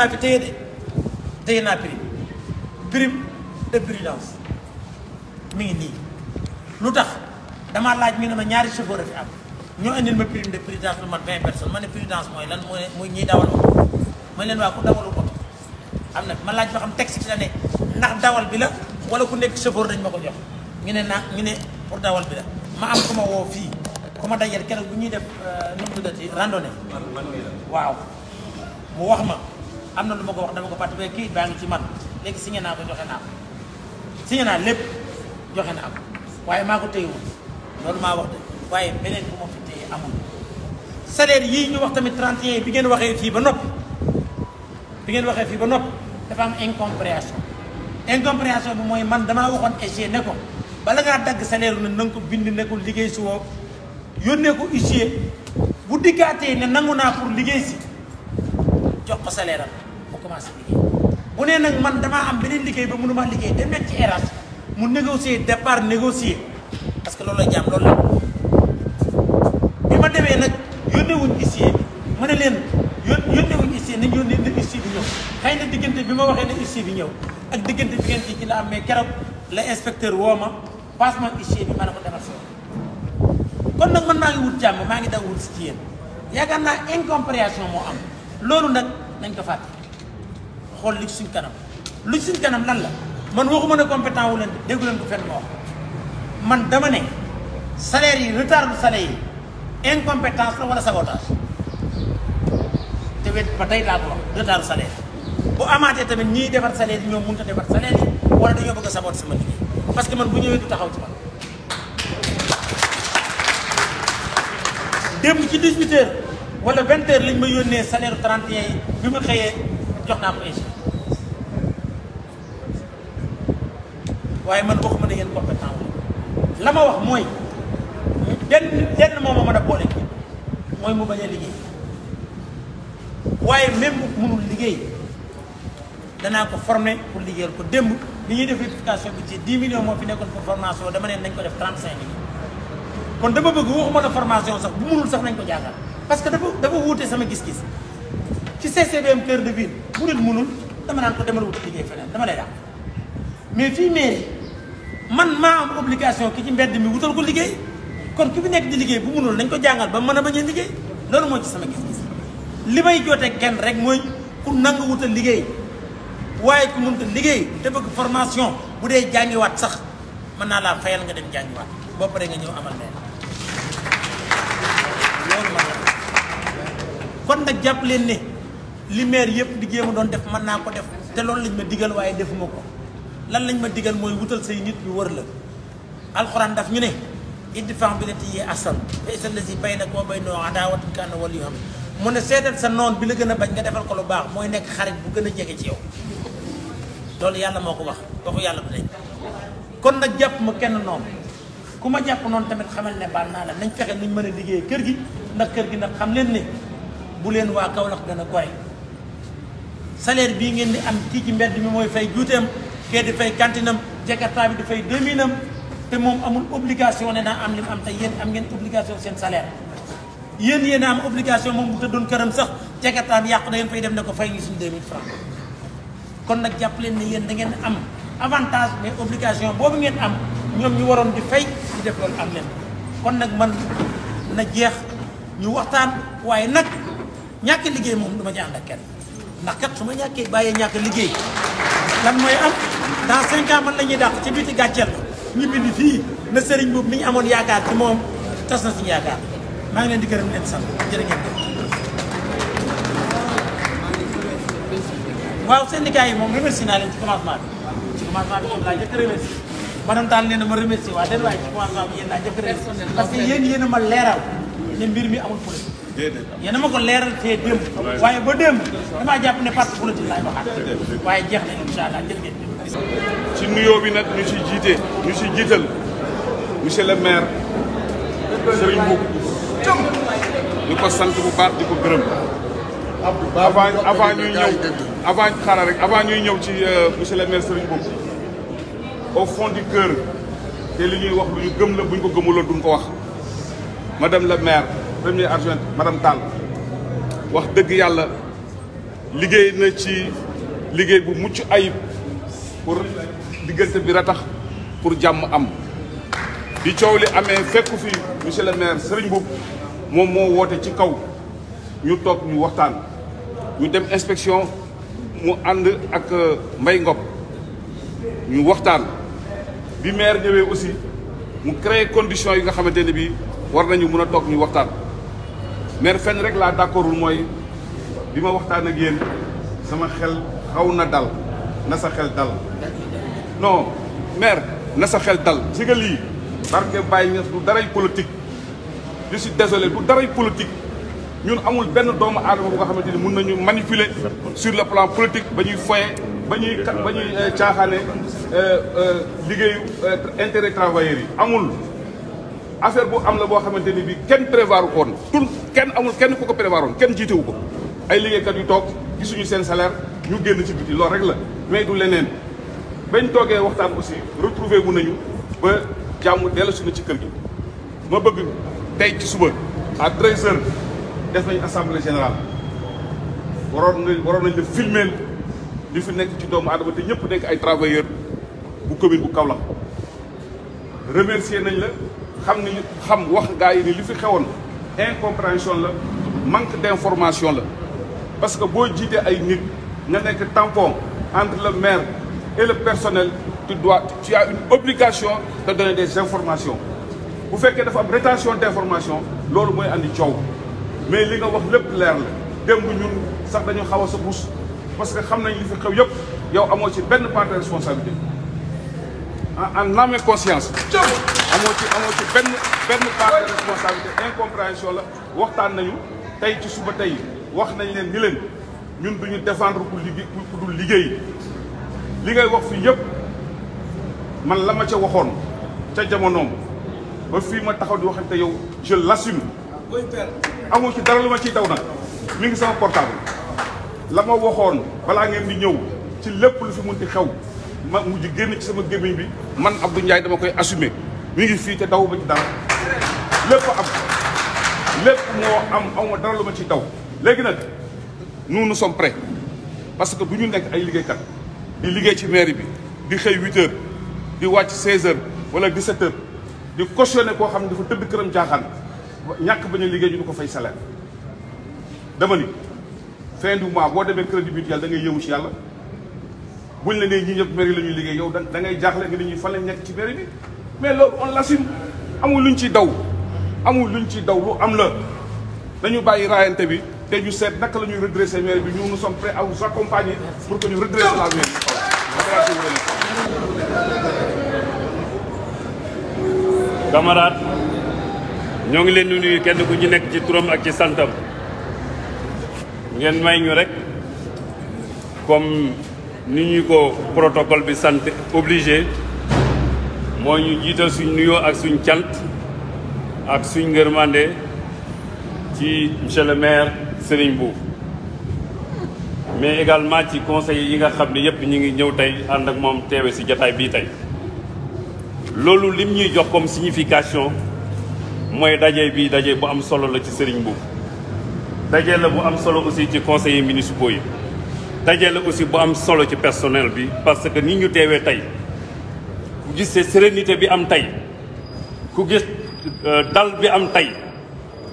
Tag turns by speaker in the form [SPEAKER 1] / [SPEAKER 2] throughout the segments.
[SPEAKER 1] laa fi téye de téye naa prime prime de prudence mi ngi nii lu tax damaa laaj mi ne ma ñaari chauffeur a fi am ñoo indil ma prime de prudence lu mat vingt personnes ma ne prudence mooy lan mooy mooy ñiy dawal oto ma leen waa ku dawalu oto am na ma laaj ba xam texte ci la ne ndax dawal bi la wala ku nekk chauffeur dañ ma ko jox ñu ne naa ñu ne pour dawal bi la ma am ku ma woo fii ku ma dajal keroog bu ñuy def euh, nu mu tuddati randonnée waaw mu wax ma am na lu ma ko wax dama ko fàtte waaye kayit ngi ci man léegi signé naa ko joxe naa ko signé naa lépp joxe naa ko waaye maa ko téyewoon loolu maa wax de waaye beneen bu ma fi téye amul salaire yii ñu wax tamit 31 bi ngeen waxee fii ba noppi bi ngeen waxee fii ba noppi dafa am incompréhension incompréhension bi mooy man damaa waxoon SG ne ko bala ngaa dagg salaire na na nga ko bind ne liggéey si woo yónnee ko huissier bu diggaatee ne nangu naa pour liggéey si jox commencé liggéey bu nee nag man damaa am beneen liggéey ba mënumaa liggéey dem nekk ci RH mu négocier départ négocier parce que loolu la jaam loolu la demee nag yónnee wuñ ma ne leen yón yónnee na huissier xëy na diggante bi ma waxee ne huissier bi ñëw ak diggante bi ngeen ci ci la la inspecteur woo ma passement huissier ma ne ko demal si man maa ngi wut jàmm maa ngi daw wut si ci yéen yaakaar naa incompréhension moo am loolu nag nañ ko fàtte xool li si suñ kanam lu si suñ kanam lan la man waxuma ne compétent wu leen déggu leen ko fenn ma man dama ne salaire yi retard du salaire yi incompétence la wala sabotage te wet ba tey laa boo wax retard du bu amaatee tamit ñiy defar salaire yi ñoom mënut a defar salaire yi wala dañoo bëgg a saboter sama liggéey parce que man bu ñëwee du taxaw ci man. démb ci 18 heures wala 20 lañ ma yónnee salaire 31 yi bi ma xëyee jox naa ko émission. waaye man waxuma ne yéen la ma wax mooy benn moom moo ma mën a boole mooy mu bañ a liggéey waaye même bu mënul liggéey danaa ko former pour liggéeyal ko démb li ñuy def rectification bi ci 10 millions moo fi nekkoon pour formation dama neen nañ ko def 35 millions kon dama bëgg waxuma la formation sax bu mënul sax nañ ko jàngal parce que dafa dafa wuute sama gis-gis ci CCBM cœur de ville bu dul mënul dama naan ko demal wuti liggéey feneen dama lay dàq man maa am obligation ki ci mbedd mi wutal ko liggéey kon ki fi nekk di liggéey bu munul nañ ko jàngal ba man a bañ a liggéey loolu mooy ci sama gis-gis li may jotee kenn rek mooy ku nanga wutal liggéey waaye ku mënta liggéey te bëgg formation bu dee jàngiwaat sax mën naa laa fayal nga dem jàngiwaat boo paree nga ñëw amal leen kon nag jàpp leen ne li maire yëpp di jéem a doon def man naa ko def te loolu lañ ma digal waaye defuma ko lan lañ ma digal mooy wutal say nit ñu wër la alxuraan daf ñu ne idfa' billatii hiya ahsan fa izaa llazii baynaka wa baynahu adaawatun ka'annahu waliyyun hamiim mu ne seetal sa noon bi la gën a bañ nga defal ko lu baax mooy nekk xarit bu gën a jege ci yow loolu yàlla moo ko wax waxu yàlla bu nekk kon nag jàpp ma kenn noonu ku ma jàpp noon tamit xamal ne baal naa la nañ fexe nuñ mën a liggéeyee kër gi ndax kër gi nag xam leen ne bu leen waa Kaolack gën a koy salaire bii ngeen di am kii ci mbedd mi mooy fay kee di fay kantinam jakarta bi di fay deux mille te moom amul obligation ne naa am li mu am te yéen am ngeen obligation seen salaire yéen yéen obligation moom bu tëddoon këram sax jakarta bi yàqu da ngeen fay dem ne ko fay ñu suñu deux mille francs kon nag jàpp leen ne yéen da ngeen am avantage mais obligation boobu ngeen am ñoom ñu waroon di fay di def loolu am leen kon nag man na jeex ñu waxtaan waaye nag ñàkk liggéey moom du ma ci ak kenn ndax kat su ma ñàkkee bàyyee ñàkk liggéey lan mooy am dans cinq ans man la ñuy dàq ci biti gàcceel ñu bind fii na sëriñ boobu mi ñu amoon yaakaar ci moom tas na suñu yaakaar maa ngi leen di gërëm leen sant jërë ngeen jëf waaw syndicat yi moom remercié naa leen ci commencement bi ci commencement bi moom laa jëkk remercié madame Tall nee na ma remercié waa den waaye ci commencement bi yéen laa jëkk remercié parce que yéen yéen a ma leeral ne mbir mi amul politique yéen a ma ko leeral te démb waaye ba démb damaa jàpp ne parti politique laay waxaat waaye jeex na incha allah jël ngeen
[SPEAKER 2] ci nuyoo bi nag ñu ci jiite ñu ci jiital monsieur le maire Serigne Mboup di ko sant bu baax di ko gërëm avant avant ñuy ñëw xaaral rek avant ñuy ñëw ci euh, monsieur le maire Serigne Mboup au fond du te li ñuy wax bu ñu gëm bu ñu ko gëmuloo duñ ko wax madame le maire première adjointe madame Tall wax dëgg yàlla liggéey na ci liggéey bu mucc ayib pour diggante bi tax pour jàmm am bi coow li amee fekku fi monsieur le maire Serigne Mboup moom moo woote ci kaw ñu toog ñu waxtaan ñu dem inspection mu ànd ak euh, Mbaye Ngop ñu waxtaan bi maire ñëwee aussi mu créé condition yi nga xamante ne bii war nañu mën a toog ñu waxtaan maire fenn rek laa d'accordul mooy bi ma waxtaan ak yéen sama xel xaw na dal na sa xel dal non maire na sa xel dal si nga lii barke Baye Niass du daray politique je suis désolé du daray politique ñun amul benn doomu aadama bu nga xamante ni mun nañu manipuler sur le plan politique ba ñuy foye ba ñuy ba ñuy euh, caaxaane euh, euh, liggéeyu intérêt travailleurs yi amul affaire bu am la boo xamante ni bi kenn prévoir koon tun kenn amul kenn ku ko prévoir woon kenn jiitewu ko ay liggéeykat yu toog gisuñu seen salaire ñu génn ci biti loolu rek la mais du leneen bañ toogee waxtaan aussi retrouvé wu nañu ba jàmm dellu suñu ci kër gi ma bëgg tey ci suba a 13 heures def nañ assemblée général waroon nga waroon nañ la filmeel li fi nekk ci doomu adama te ñëpp nekk ay travailleurs bu commune bu Kaolack remercier nañ la xam ni xam wax gaa yi ni li fi xewoon incompréhension la manque d'information la parce que boo jiitee ay nit nga nekk tampon entre le maire et le personnel tu dois tu as une obligation de donner des informations bu fekkee dafa am rétention d'information loolu mooy andi coow mais li nga wax lépp leer la bu ñun sax dañu xaw sa bus parce que xam nañu li fi xew yëpp yow amoo ci benn part de responsabilité en âme et conscience amoo ci amoo ci benn benn part de responsabilité incompréhension la waxtaan nañu tey ci suba tey wax nañ leen ni leen ñun duñu défendre ku liggéey liggéey li ngay wax fii yëpp man la ma ca waxoon ca jamonoom ba fii ma taxaw di waxante yow je l'assume amoo ci dara lu ma ciy daw nag mi ngi sama portable la ma waxoon balaa ngeen di ñëw ci lépp lu fi mun di xew ma mujj génn ci sama gémmiñ bi man Abdou njaay dama koy assumer mi ngi fii te daw ba ci dara lépp am lépp moo am aw dara lu ma ciy daw léegi nag nous nous sommes parce que bu ñu nekk ay liggéeykat di liggéey ci mairie bi di xëy 8 di wàcc 16 heures wala 17 heures di cautionné koo xam ne dafa tëdd këram jaaxaan ñàkk ba a liggéey ñu du ko fay salaire. dama ni fin du boo demee crédit mutuel da ngay yëwu ci yàlla buñ la nee ñii ñëpp mairie la ñuy liggéey yow da ngay jaaxle nga ni ñuy fan nekk ci mairie bi mais loolu on l'assume amul luñ ci daw amul luñ ci daw lu am la dañu bàyyi raayante bi. te ñu seet naka la ñuy redresser bi ñu nous sommes prêts à vous accompagner pour que ñu redresser la mairie.
[SPEAKER 3] camarade ñoo ngi leen di nuyu kenn ku ci nekk ci turam ak ci santam ngeen may ñu rek comme ni ñuy ko protocole bi sant obligé moo ñu jiital suñ nuyoo ak suñ cant ak suñ ngërmande ci monsieur le maire sëriñ Mbuub mais également ci conseil yi nga xam ne yëpp ñu ngi ñëw tey ànd ak moom teewe si jataay bii tey loolu lim ñuy jox comme signification mooy daje bi daje bu am solo la ci sëriñ Mbuub daje la bu am solo aussi ci conseillers municipaux yi daje la aussi bu am solo ci personnel bi parce que ni ñu teewee tey ku gis sérénité bi am tey ku gis euh, dal bi am tey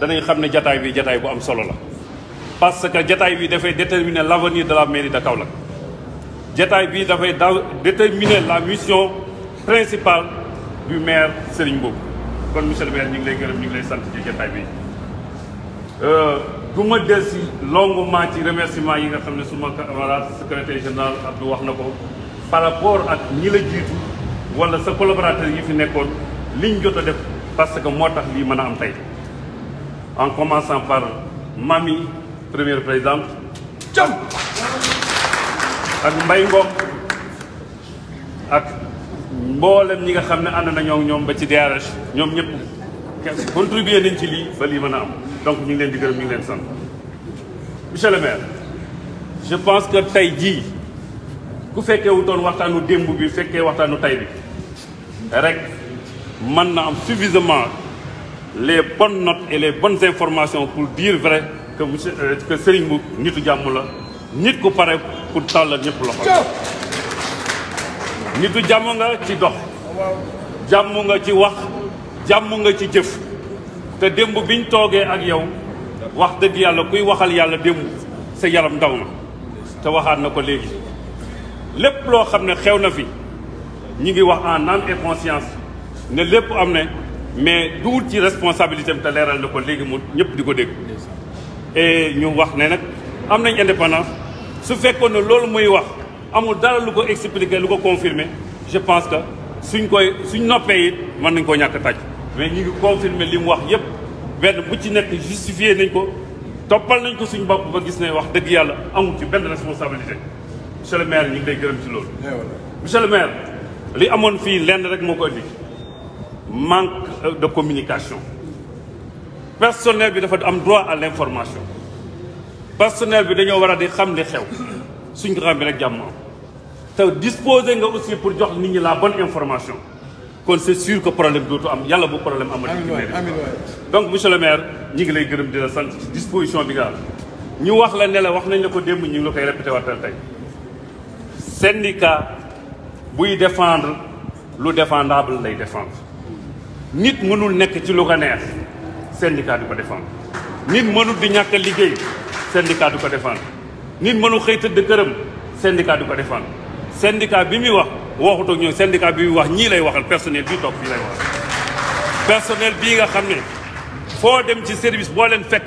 [SPEAKER 3] danañ xam ne jataay bi jataay bu am solo la parce que jataay bi dafay déterminer l' avenir de la mairie de Kaolack jataay bi dafay déterminer la mission principal du maire Serigne boobu kon monsieur le maire ñu ngi lay gërëm ñu ngi lay sant ci jataay bi euh, du ma des si longuement ci remerciement yi nga xam ne suma camarade secrétaire général Abdou wax na ko par rapport ak ñi la jiitu wala sa collaborateur yi fi nekkoon liñ jot a def parce que moo tax lii mën a am tey en commençant par mami première présidente cam ak Mbay Ngom ak mboolem ñi nga xam ne ànd nañoo ñoom ba ci DRH ñoom ñëpp contribuer nañ ci lii ba lii mën a am donc ñu ngi leen di gërëm ñu ngi leen sant monsieur le maire je pense que tey jii ku fekkee wutoon waxtaanu démb bi fekkee waxtaanu tey bi rek mën na am suffisamment les bonnes notes et les bonnes informations pour dire vrai que monsieur euh, que Serigne bu nitu jàmm la nit ku pare pour tàllal ñëpp loxo nitu jàmm nga ci dox jàmm nga ci wax jàmm nga ci jëf te démb biñ toogee ak yow wax dëgg yàlla kuy waxal yàlla démb sa yaram ndaw na te waxaat na ko léegi lépp loo xam ne xew na fi ñu ngi wax en âme et conscience ne lépp am ne mais duul ci responsabilité te leeral na ko léegi mu ñëpp di ko dégg et ñu wax ne nag am nañ indépendance su fekkoon ne loolu muy wax amul dara lu ko expliquer lu ko confirmer je pense que suñ koy suñ noppee it mën nañ koo ñàkk tàcc mais ñu ngi confirmer li mu wax yépp benn bu ci nekk justifié nañ ko toppal nañ ko suñ bopp ba gis ne wax dëgg yàlla amul ci benn responsabilité monsieur le maire ñu ngi lay gërëm ci loolu eh, monsieur le maire li amoon fii lenn rek moo ko indi manque de communication personnel bi dafa am droit à l'information personnel bi dañoo war a di xam li xew suñ ko xam bi rek jàmm am te disposé nga aussi pour jox nit ñi la bonne information kon c'est sûr ko problème dootu am yàlla bu problème amati donc monsieur le maire ñi ngi lay gërëm di la sant ci disposition bi nga am ñu wax la ne wax nañ la ko démb ñu ngi la koy répété waxtaan tey syndicat buy défendre lu défendable lay défendre nit mënul nekk ci lu syndicat di ko défendre nit mënut di ñàkk a liggéey syndicat du ko défendre nit mënu xëy tëdd këram syndicat du ko défendre syndicat bi muy wax waxut ak ñoom syndicat bi muy wax ñii lay waxal personnel bi toog fii lay waxal personnel bii nga xam ne foo dem ci service boo leen fekk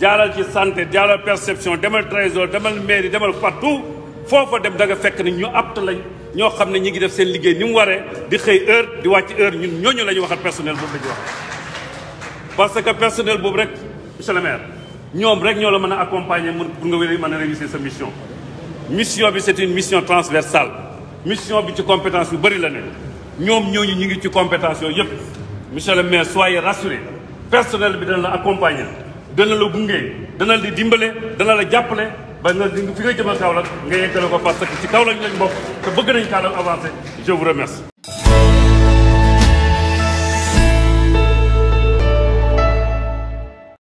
[SPEAKER 3] jaaral ci santé jaaral perception demal trésor demal mairie demal partout foofa dem da nga fekk ni ñu apt lañ ñoo xam ne ñi ngi def seen liggéey ni mu waree di xëy heure di wàcc heure ñun ñooñu la ñu waxal personnel boobu la ñu parce que personnel boobu rek monsieur le maire ñoom rek ñoo la mën a accompagner pour nga wér mën a réussir sa mission. mission bi c'est une mission transversale mission bi ci compétence yu bëri la ne ñoom ñooñu ñu ngi ci compétence yooyu yëpp monsieur le maire soyez rassuré personnel bi dana la accompagner dana la gunge dana la dimbale dana la jàppale ba nga fi nga jëmal Kaolack nga yeggale ko parce que ci Kaolack la bokk te bëgg nañ Kaolack avancer je